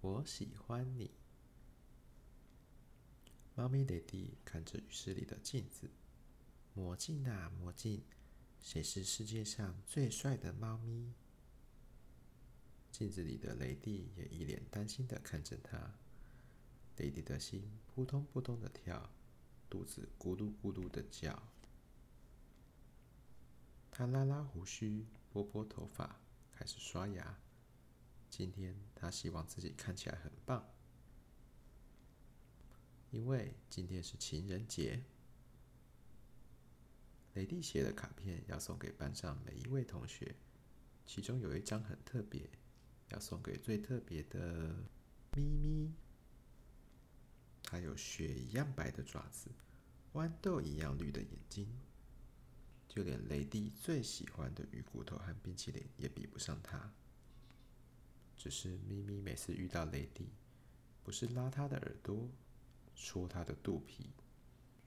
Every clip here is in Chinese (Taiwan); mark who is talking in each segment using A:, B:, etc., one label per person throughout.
A: 我喜歡你。貓咪雷弟看着浴室裡的鏡子，魔鏡啊魔鏡，誰是世界上最帥的貓咪？鏡子裡的雷弟也一臉擔心的看着他，雷弟的心撲通撲通的跳，肚子咕嚕咕嚕的叫。他、啊、拉拉鬍鬚，波波頭髮，開始刷牙。今天他希望自己看起來很棒，因為今天是情人節。雷弟寫的卡片要送給班上每一位同學，其中有一張很特別，要送給最特別的咪咪。它有雪一樣白的爪子，豌豆一樣綠的眼睛。就連雷弟最喜歡的魚骨頭和冰淇淋也比不上它。只是咪咪每次遇到雷弟，不是拉它的耳朵、戳它的肚皮，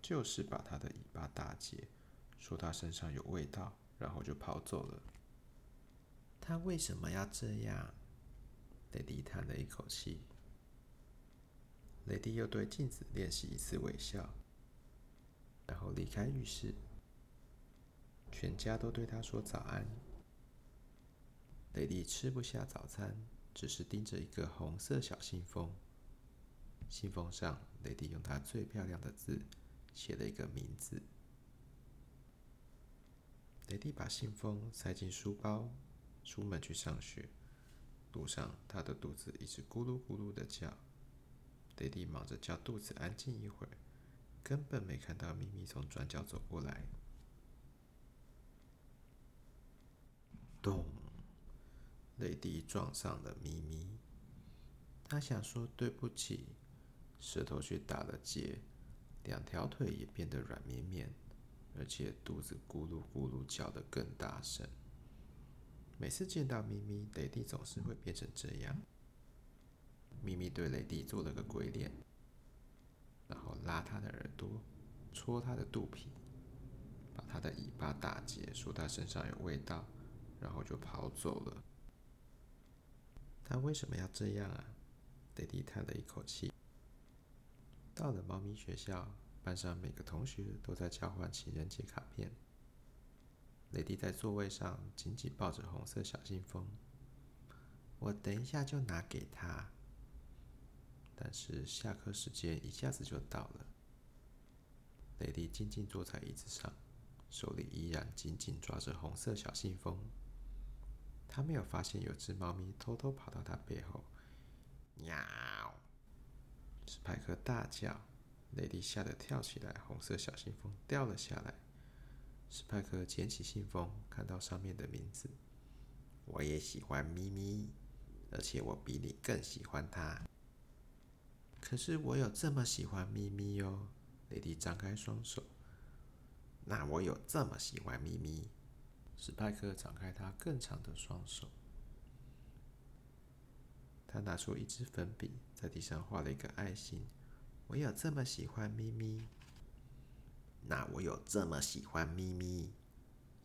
A: 就是把它的尾巴打結，說它身上有味道，然後就跑走了。它為什麼要這樣？雷弟嘆了一口氣。雷弟又對鏡子練習一次微笑，然後離開浴室。全家都對他說早安。雷弟吃不下早餐，只是盯着一個紅色小信封。信封上，雷弟用他最漂亮的字寫了一個名字。雷弟把信封塞進書包，出門去上學。路上，他的肚子一直咕嚕咕嚕的叫。雷弟忙着叫肚子安靜一會兒，根本沒看到咪咪從轉角走過來。咚！雷弟撞上了咪咪。他想說對不起，舌頭卻打了結，兩條腿也變得軟綿綿，而且肚子咕嚕咕嚕叫得更大聲。每次見到咪咪，雷弟總是會變成這樣。咪咪對雷弟做了個鬼臉，然後拉他的耳朵，戳他的肚皮，把他的尾巴打結，說他身上有味道。然後就跑走了。他為什麼要這樣啊？雷弟嘆了一口氣。到了貓咪學校，班上每個同學都在交換情人節卡片。雷弟在座位上緊緊抱着紅色小信封，我等一下就拿給他。但是下課時間一下子就到了。雷弟靜靜坐在椅子上，手裡依然緊緊抓着紅色小信封。他沒有發現有隻貓咪偷偷跑到他背後，喵！史派克大叫，雷弟嚇得跳起來，紅色小信封掉了下來。史派克撿起信封，看到上面的名字，我也喜歡咪咪，而且我比你更喜歡她。可是我有這麼喜歡咪咪喲、哦？雷弟張開雙手，那我有這麼喜歡咪咪？史派克展開他更長的雙手，他拿出一支粉筆，在地上畫了一個愛心。我有這麼喜歡咪咪。我有這麼喜歡咪咪，那我有這麼喜歡咪咪？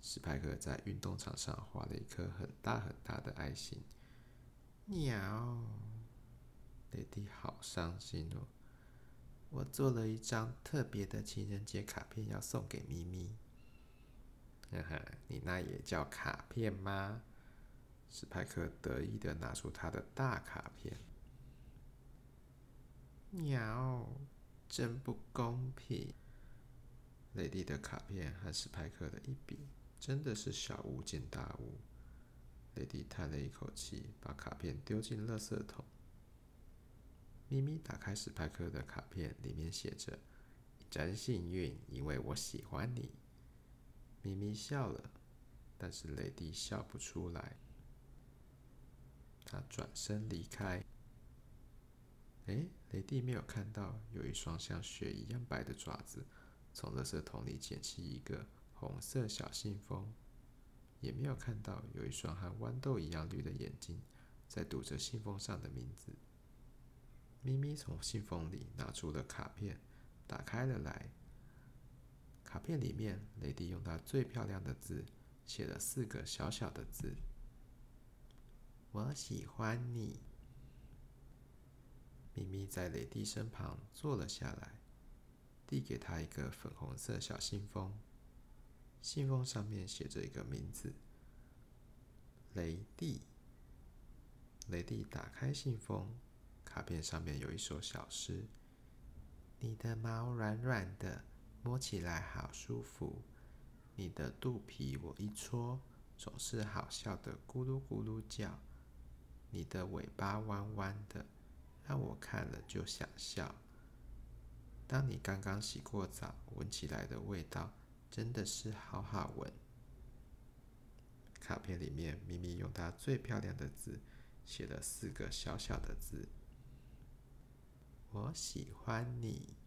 A: 史派克在運動場上畫了一顆很大很大的愛心。喵！雷弟好傷心哦。我做了一張特別的情人節卡片，要送給咪咪。哈、嗯、哈，你那也叫卡片嗎？史派克得意的拿出他的大卡片。喵，真不公平！雷弟的卡片和史派克的一比，真的是小巫見大巫。雷弟嘆了一口氣，把卡片丟進垃圾桶。咪咪打開史派克的卡片，裡面寫着：“真幸運，因為我喜歡你。”咪咪笑了，但是雷弟笑不出來。他轉身離開。哎，雷弟沒有看到有一雙像雪一樣白的爪子，從垃圾桶裡撿起一個紅色小信封，也沒有看到有一雙和豌豆一樣綠的眼睛，在讀着信封上的名字。咪咪從信封裡拿出了卡片，打開了來。卡片裡面，雷弟用他最漂亮的字寫了四個小小的字：“我喜歡你。”咪咪在雷弟身旁坐了下來，遞給他一個粉紅色小信封，信封上面寫着一個名字：“雷弟。”雷弟打開信封，卡片上面有一首小詩：“你的毛軟軟的。”摸起來好舒服，你的肚皮我一搓，總是好笑的咕嚕咕嚕叫。你的尾巴彎彎的，讓我看了就想笑。當你剛剛洗過澡，聞起來的味道真的是好好聞。卡片裡面，咪咪用它最漂亮的字寫了四個小小的字：我喜歡你。